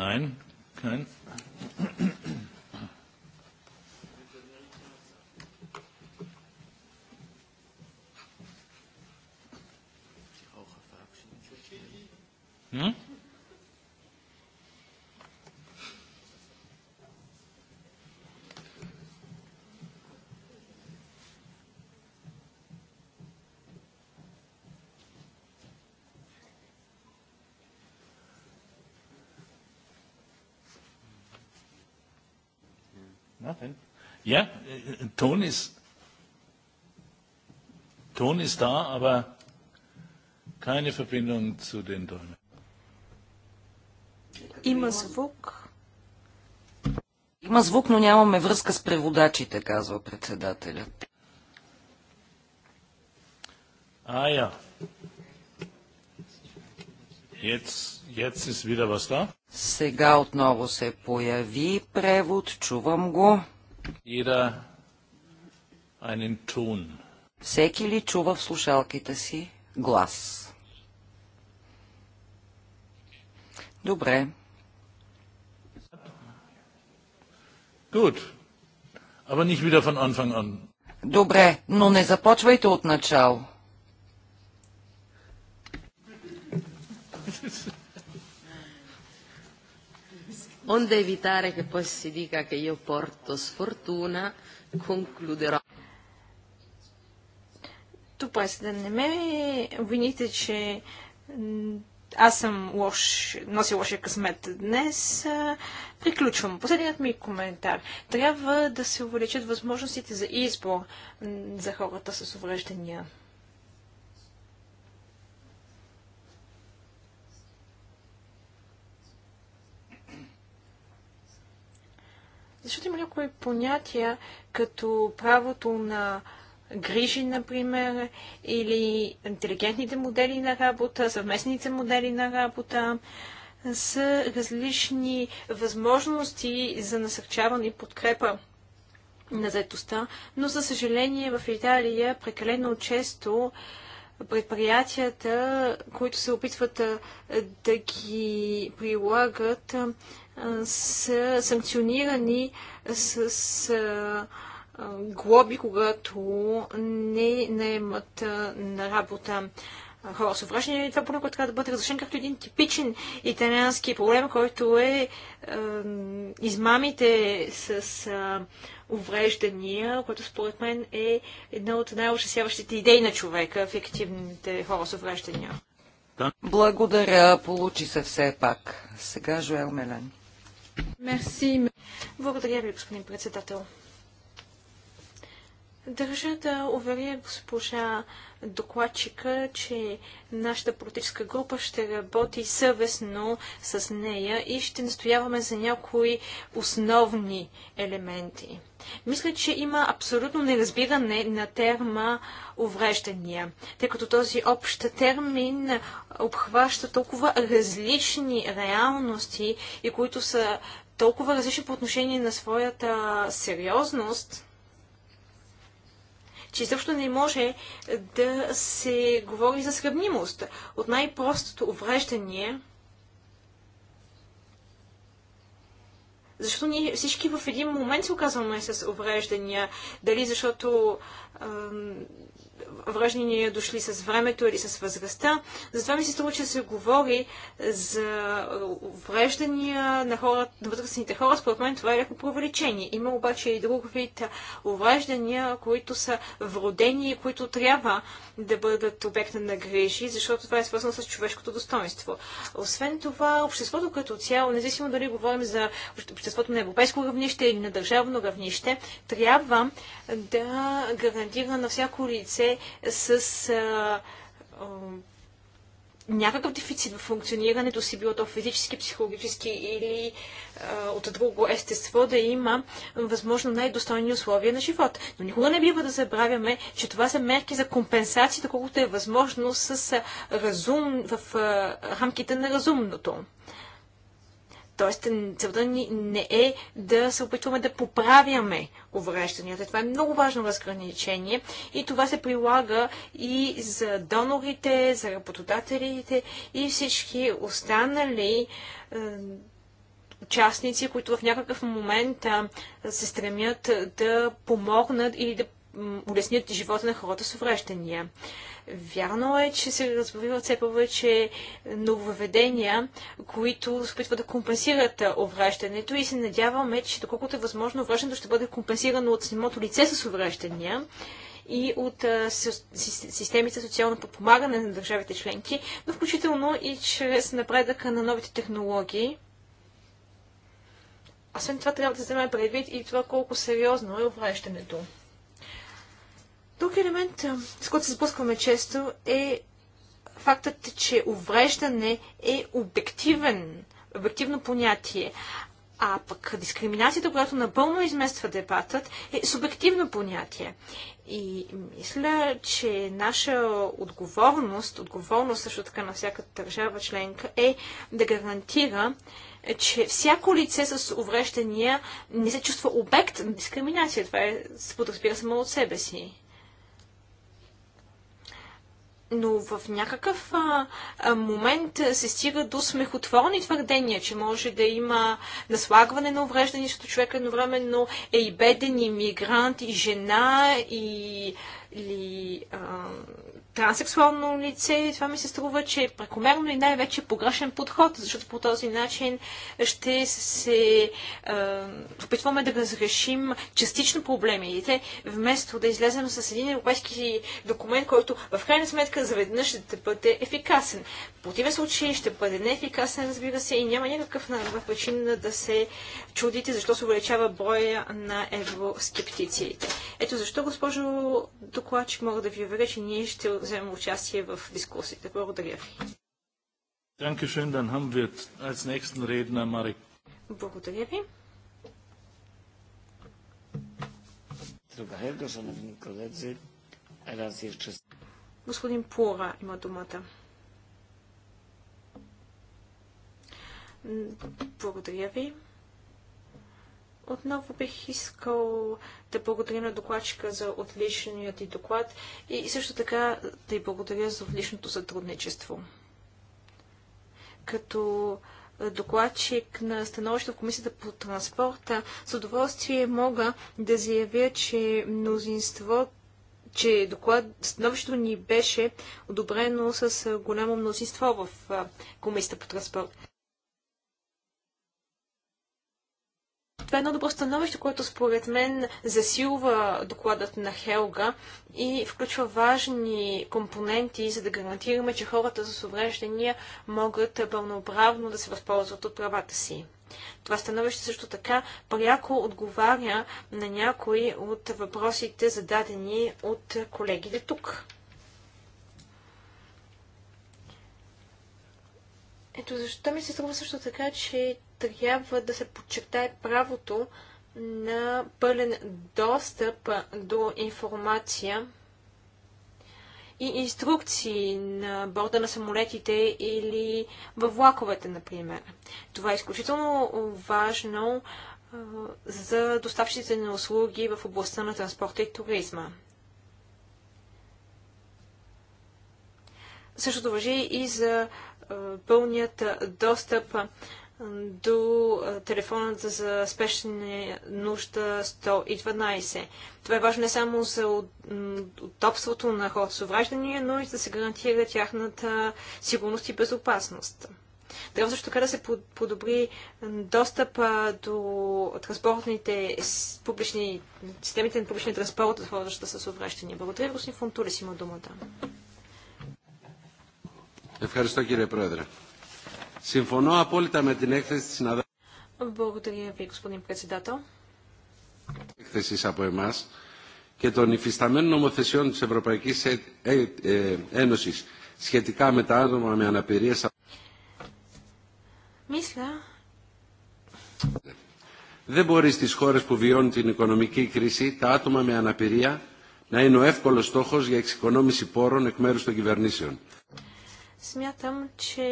Nein? Kein? Ja, Ton ist, Ton ist da, aber keine Verbindung zu den Dolmetschern.
Има звук.
Има звук, но нямаме връзка с преводачите, казва председателят. А, я. Сега отново се появи превод, чувам го. Всеки ли чува в слушалките си глас?
Добре. Aber nicht wieder von Anfang an. Добре, но не
започвайте от начало. Onde evitare che poi si
dica che io porto sfortuna, concluderò. Тоест да не ме вините, че аз съм лош, нося лошия късмет днес. Приключвам. Последният ми коментар. Трябва да се увеличат възможностите за избор за хората с увреждания. Защото има някои понятия, като правото на грижи, например, или интелигентните модели на работа, съвместните модели на работа, са различни възможности за насърчаване и подкрепа на заедостта, но за съжаление в Италия прекалено често предприятията, които се опитват да ги прилагат, са санкционирани с глоби, когато не наемат на работа хора с увръщане, Това проблем, който трябва да бъде разрешен като един типичен италиански проблем, който е, е измамите с е, увреждания, което според мен е една от най ощасяващите идеи на човека, фиктивните хора с увреждания.
Благодаря, получи се все пак. Сега Жоел Мелен.
Мерси. Благодаря ви, господин председател. Държа да уверя госпожа докладчика, че нашата политическа група ще работи съвестно с нея и ще настояваме за някои основни елементи. Мисля, че има абсолютно неразбиране на терма увреждания, тъй като този общ термин обхваща толкова различни реалности и които са толкова различни по отношение на своята сериозност, че също не може да се говори за сравнимост. От най-простото увреждане, защото ние всички в един момент се оказваме с увреждания, дали защото връжния дошли с времето или с възрастта. Затова ми се струва, че се говори за увреждания на, хора, на възрастните хора. Според мен това е леко преувеличение. Има обаче и друг вид увреждания, които са вродени и които трябва да бъдат обект на грижи, защото това е свързано с човешкото достоинство. Освен това, обществото като цяло, независимо дали говорим за обществото на европейско равнище или на държавно равнище, трябва да гарантира на всяко лице лице с а, а, някакъв дефицит в функционирането си, било то физически, психологически или а, от друго естество, да има възможно най-достойни условия на живот. Но никога не бива да забравяме, че това са мерки за компенсация, колкото е възможно с разум, в а, рамките на разумното. Тоест, целта ни не е да се опитваме да поправяме уврежданията. Това е много важно разграничение и това се прилага и за донорите, за работодателите и всички останали е, участници, които в някакъв момент а, се стремят да помогнат или да улеснят живота на хората с увреждания. Вярно е, че се развиват все повече нововведения, които се опитват да компенсират увреждането и се надяваме, че доколкото е възможно, увреждането ще бъде компенсирано от самото лице с увреждания и от системите за социално подпомагане на държавите членки, но включително и чрез напредъка на новите технологии. Освен това трябва да вземем предвид и това колко сериозно е увреждането. Друг елемент, с който се сблъскваме често, е фактът, че увреждане е обективен, обективно понятие, а пък дискриминацията, която напълно измества дебатът, е субективно понятие. И мисля, че наша отговорност, отговорност също така на всяка държава членка е да гарантира, че всяко лице с увреждания не се чувства обект на дискриминация. Това е, се подразбира само от себе си но в някакъв а, а, момент се стига до смехотворни твърдения, че може да има наслагване на увреждане, защото човек едновременно е и беден, и мигрант, и жена, и Ли, а, Трансексуално лице, това ми се струва, че е прекомерно и най-вече погрешен подход, защото по този начин ще се е, опитваме да разрешим частично проблемите, вместо да излезем с един европейски документ, който в крайна сметка заведнъж ще бъде ефикасен. В противен случай ще бъде неефикасен, разбира се, и няма никакъв причина да се чудите защо се увеличава броя на евроскептиците. Ето защо, госпожо докладчик, мога да ви уверя, че ние ще вземем участие в дискусите. Благодаря ви. Благодаря ви.
Другego, szanowni koledzy, raz jeszcze...
Господин Пора има думата. Благодаря ви. Отново бих искал да благодаря на докладчика за отличният ти доклад и също така да й благодаря за отличното сътрудничество. Като докладчик на становище в Комисията по транспорта, с удоволствие мога да заявя, че мнозинство, че доклад, становището ни беше одобрено с голямо мнозинство в Комисията по транспорт. Това е едно добро становище, което според мен засилва докладът на Хелга и включва важни компоненти, за да гарантираме, че хората с увреждания могат пълноправно да се възползват от правата си. Това становище също така пряко отговаря на някои от въпросите, зададени от колегите тук. Ето защо ми се струва също така, че трябва да се подчертае правото на пълен достъп до информация и инструкции на борда на самолетите или във влаковете, например. Това е изключително важно за доставчиците на услуги в областта на транспорта и туризма. Същото въжи и за пълният достъп до телефоната за спешна нужда 112. Това е важно не само за удобството на хората с увреждания, но и за да се гарантира тяхната сигурност и безопасност. Трябва също така да се подобри достъпа до транспортните публични, системите на публичния транспорт от хората с увреждания. Благодаря ви, господин Фонтулес има думата.
Ευχαριστώ κύριε Πρόεδρε. Συμφωνώ απόλυτα με την έκθεση της συναδέλφου.
Благодаря ви, господин председател.
Έκθεση από εμά και των υφισταμένων νομοθεσιών της Ευρωπαϊκής Ένωσης σχετικά με τα άτομα με αναπηρίες. Μίσλα. Δεν μπορεί στις χώρες που βιώνουν την οικονομική κρίση τα άτομα με αναπηρία να είναι ο εύκολος στόχος για εξοικονόμηση πόρων εκ μέρους των κυβερνήσεων.
Смятам, че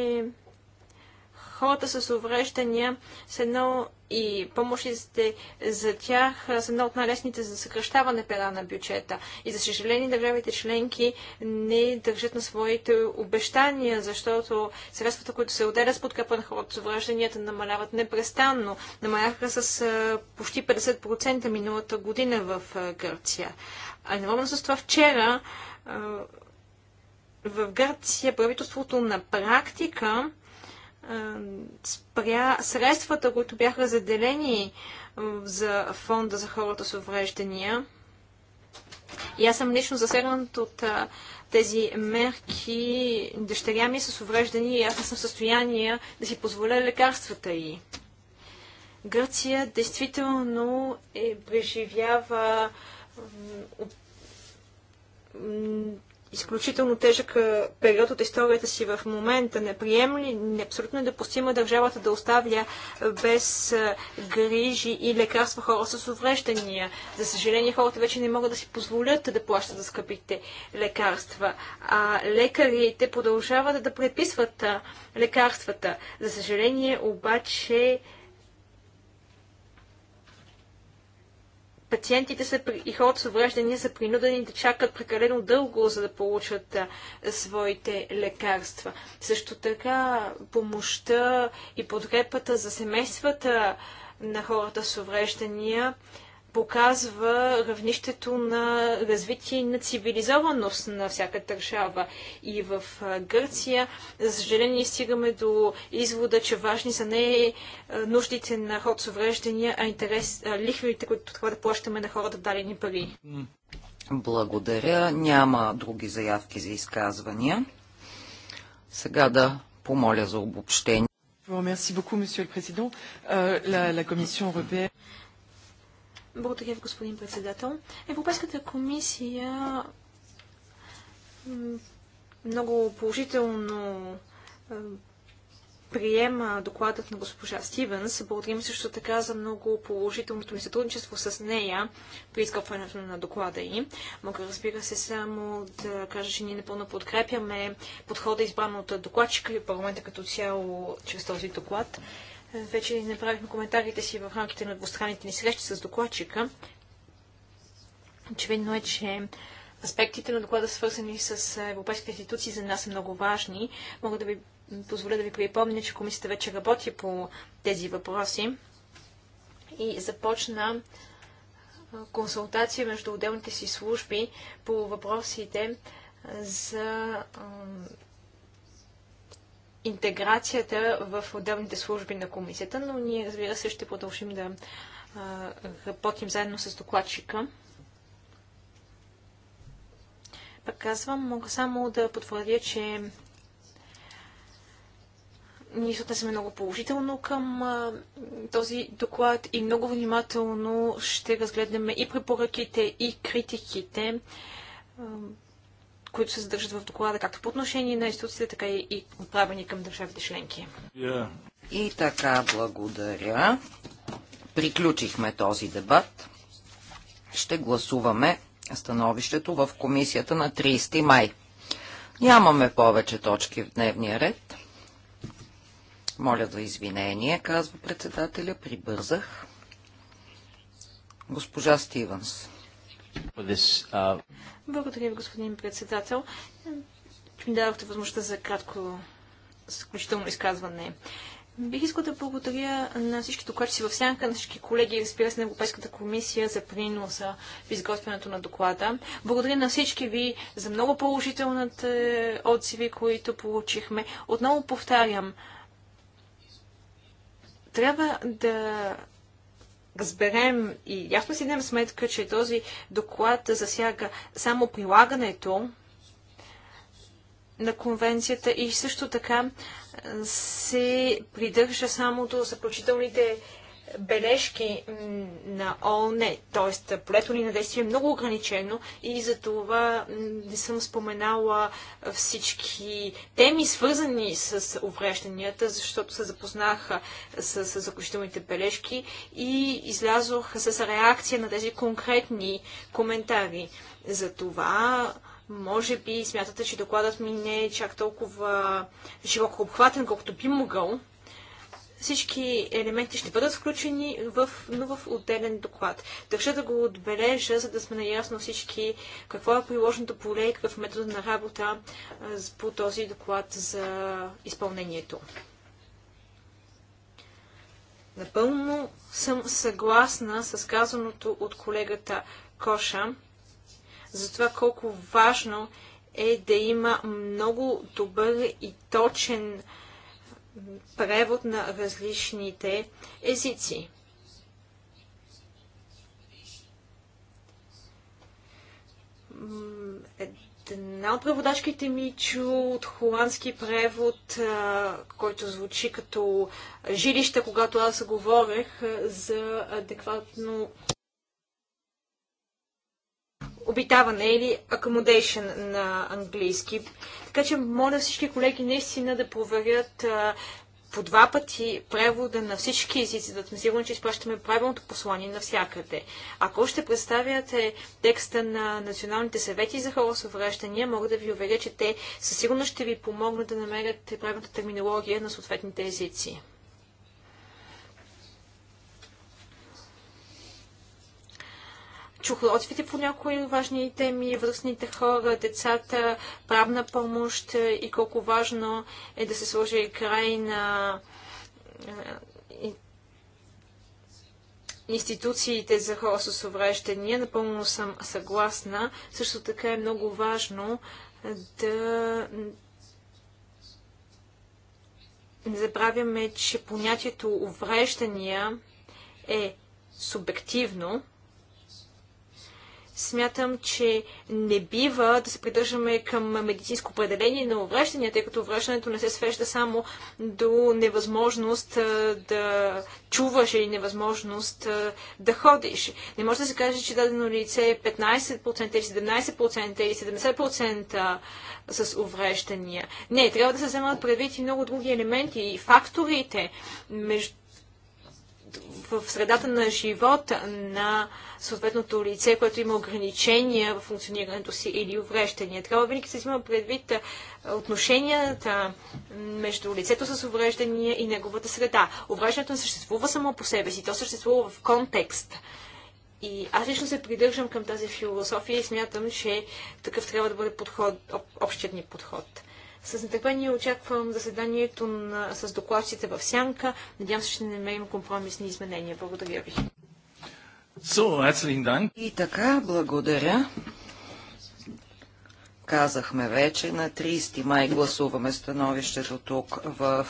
хората с увреждания са едно и помощите за тях са едно от най-лесните за съкръщаване пера на бюджета. И за съжаление държавите членки не държат на своите обещания, защото средствата, които се отделят с подкрепа на хората с уврежданията, намаляват непрестанно. Намаляха с почти 50% миналата година в Гърция. А неровно с това вчера в Гърция правителството на практика спря средствата, които бяха заделени за фонда за хората с увреждания. И аз съм лично засегнат от а, тези мерки. Дъщеря ми е с увреждания и аз не съм в състояние да си позволя лекарствата й. Гърция действително е преживява изключително тежък период от историята си в момента. Неприемли, не абсолютно недопустима държавата да оставя без грижи и лекарства хора с увреждания. За съжаление, хората вече не могат да си позволят да плащат за скъпите лекарства. А лекарите продължават да предписват лекарствата. За съжаление, обаче, пациентите са, и хората с увреждания са принудени да чакат прекалено дълго, за да получат а, своите лекарства. Също така помощта и подкрепата за семействата на хората с увреждания показва равнището на развитие и на цивилизованост на всяка държава. И в Гърция, за съжаление, стигаме до извода, че важни са не нуждите на ход с увреждания, а интерес, а, лихвите, които трябва да плащаме на хората дадени пари.
Благодаря. Няма други заявки за изказвания. Сега да помоля за обобщение.
Благодаря, благодаря ви, господин председател. Европейската комисия много положително е, приема докладът на госпожа Стивенс. Благодарим също така за много положителното ми сътрудничество с нея при изкъпването на доклада й. Мога разбира се само да кажа, че ние напълно подкрепяме подхода избран от докладчика и парламента като цяло чрез този доклад. Вече направихме коментарите си в рамките на двустранните ни срещи с докладчика. Очевидно е, че аспектите на доклада, свързани с европейските институции, за нас са много важни. Мога да ви позволя да ви припомня, че комисията вече работи по тези въпроси и започна консултация между отделните си служби по въпросите за интеграцията в отделните служби на комисията, но ние, разбира се, ще продължим да а, работим заедно с докладчика. Пък казвам, мога само да потвърдя, че ние се отнесеме много положително към а, този доклад и много внимателно ще разгледаме и препоръките, и критиките. А, които се задържат в доклада, както по отношение на институциите, така и отправени към държавите членки.
Yeah. И така, благодаря. Приключихме този дебат. Ще гласуваме становището в комисията на 30 май. Нямаме повече точки в дневния ред. Моля за да извинение, казва председателя. Прибързах. Госпожа Стивенс. Uh,
благодаря ви, господин председател. Ми дадохте възможността за кратко заключително изказване. Бих искал да благодаря на всички докладчици в сянка, на всички колеги, разбира се, на Европейската комисия за приноса в изготвянето на доклада. Благодаря на всички ви за много положителните отзиви, които получихме. Отново повтарям, трябва да разберем и ясно си дадем сметка, че този доклад засяга само прилагането на конвенцията и също така се придържа само до съпрочителните бележки на ООН, т.е. полето ни на действие е много ограничено и за това не съм споменала всички теми, свързани с уврежданията, защото се запознах с, с заключителните бележки и излязох с реакция на тези конкретни коментари. За това може би смятате, че докладът ми не е чак толкова широко обхватен, колкото би могъл, всички елементи ще бъдат включени в, но в отделен доклад. Държа да го отбележа, за да сме наясно всички какво е приложното поле и какъв е метод на работа по този доклад за изпълнението. Напълно съм съгласна с казаното от колегата Коша за това колко важно е да има много добър и точен превод на различните езици. Една от преводачките ми чу от холандски превод, който звучи като жилище, когато аз говорех за адекватно обитаване или accommodation на английски. Така че моля всички колеги наистина да проверят по два пъти превода на всички езици, да сме сигурни, че изпращаме правилното послание навсякъде. Ако ще представяте текста на националните съвети за хора с увреждания, мога да ви уверя, че те със сигурност ще ви помогнат да намерят правилната терминология на съответните езици. Чух отзивите по някои важни теми, възрастните хора, децата, правна помощ и колко важно е да се сложи край на е, институциите за хора с увреждания. Напълно съм съгласна. Също така е много важно да не забравяме, че понятието увреждания е субективно смятам, че не бива да се придържаме към медицинско определение на увреждания, тъй като увреждането не се свежда само до невъзможност да чуваш или невъзможност да ходиш. Не може да се каже, че дадено лице е 15% или 17% или 70% с увреждания. Не, трябва да се вземат предвид и много други елементи и факторите между в средата на живота на съответното лице, което има ограничения в функционирането си или увреждания. Трябва винаги се взима предвид отношенията между лицето с увреждания и неговата среда. Увреждането не съществува само по себе си, то съществува в контекст. И аз лично се придържам към тази философия и смятам, че такъв трябва да бъде подход, общият ни подход. С нетърпение очаквам заседанието на, с докладчите в Сянка. Надявам се, ще намерим компромисни изменения. Благодаря ви.
So, И така, благодаря. Казахме вече, на 30 май гласуваме становището тук в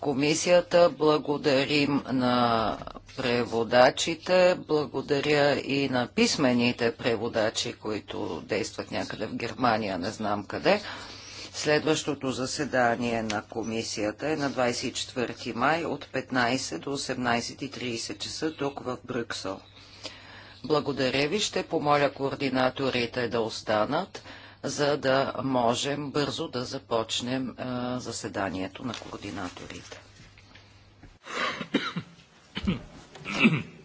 комисията. Благодарим на преводачите, благодаря и на писмените преводачи, които действат някъде в Германия, не знам къде. Следващото заседание на комисията е на 24 май от 15 до 18.30 часа тук в Брюксел. Благодаря ви, ще помоля координаторите да останат, за да можем бързо да започнем заседанието на координаторите.